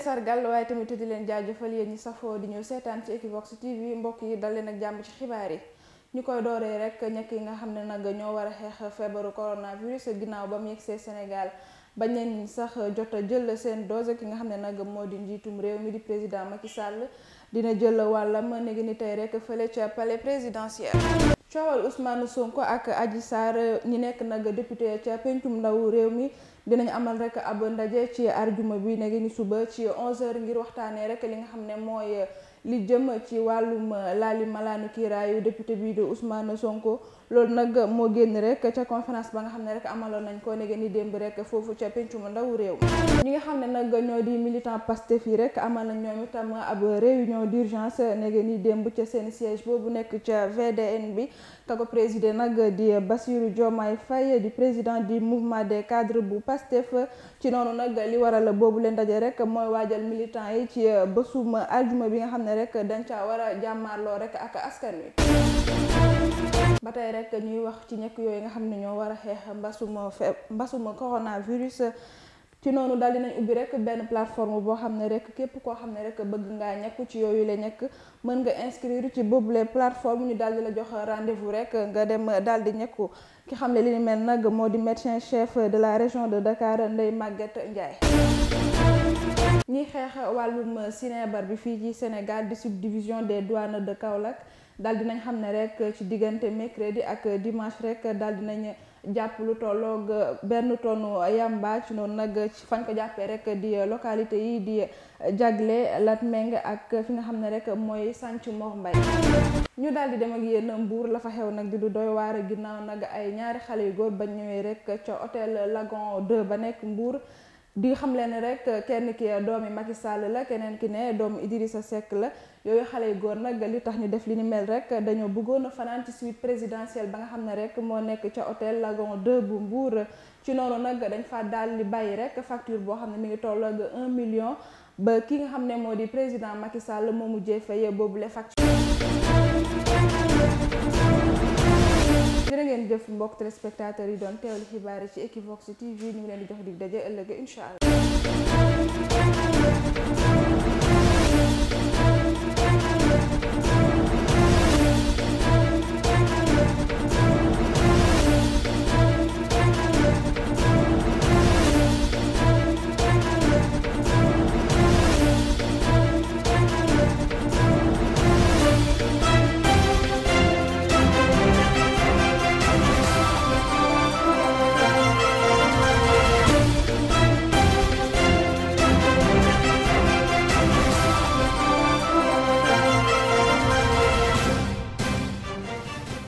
leen sargal waaye tamit di leen jaajëfal yéen ñi safoo di ñu seetaan ci Equivox TV mbokk yi dal leen ak jàmm ci xibaar yi ñu koy dooree rek ñekk yi nga xam ne nag ñoo war a xeex feebaru coronavirus ginnaaw ba mu yegsee Sénégal bañ leen sax jot a jël seen dose ki nga xam ne nag moo di njiitum réew mi di président Macky Sall dina jël wàllam néegi ni tey rek fële ca palais présidentiel. coowal Ousmane Sonko ak Adji Sarr ñi nekk nag député ca pencum ndaw réew mi dinañ amal rek ab ndaje ci arjuma bi nag ni suba ci 11h ngir waxtaanee rek li nga xam ne mooy li jëm ci wàllum laali malaanu kiiraayu député bi de Ousmane Sonko loolu nag moo génn rek ca conférence ba nga xam ne rek amaloon nañ ko nege ni démb rek foofu ca pencum ndawu réew ñi nga xam ne nag ñoo di militant Pastef yi rek amal nañ ñoom itam ab réunion d'urgence nege ni démb ca seen siège boobu nekk ca VDN bi tago président nag di Bassirou Diomaye Faye di président di mouvement des cadres bu PASTEF ci noonu nag li waral boobu leen daje rek mooy waajal militant yi ci bésum aljuma bi nga xam ne rek dañ ca war a jàmmaarloo rek ak askan wi ba tey rek ñuy wax ci ñekk yooyu nga xam ne ñoo war a xeex mbasuma fe mbasuma coronavirus ci noonu daal dinañ ubbi rek benn plateforme boo xam ne rek képp koo xam ne rek bëgg ngaa ñàkku ci yooyu la ñàkk mën nga inscrire ci boobule plateforme ñu daal di la jox rendez-vous rek nga dem daal di ñàkku ki xam ne li ni mel nag moo di médecin chef de la région de Dakar Ndeye Maguette Ndiaye. ñiy xeex wàllum sinébar bi fii ci Sénégal di subdivision des douanes de Kaolack daal nañ xam ne rek ci diggante mercredi ak dimanche rek daldi dinañ. jàpp lu tolloog euh, benn tonnu yamba ci noonu nag fañ ko jàppee rek di localité yi di jagle Latmeng ak fi nga xam ne rek mooy Santhiou Mor Mbaye ñu daal di dem ak yéen Mbour la fa xew nag di du doy waar ginnaaw nag ay ñaari xale yu góor ba ñëwee rek ca hôtel Lagon 2 ba nekk Mbour di xam leen rek kenn ki doomi Macky Sall la keneen ki ne doomu Idrissa Seck la yooyu xale yu góor nag li tax ñu def li ni mel rek dañoo bëggoon a fanaan ci suite présidentielle ba nga xam ne rek moo nekk ca hôtel Lagon 2 bu Mbour ci noonu nag dañ fa daal li bàyyi rek facture boo xam ne mi ngi toll ak 1 million ba ki nga xam ne moo di président Macky Sall moo mujjee faye boobu lay facture jërë ngeen jëf mbokk téléspectateurs yi doon teewlu xibaar yi ci Equivox TV ñu ngi leen di jox dig daje ëllëg incha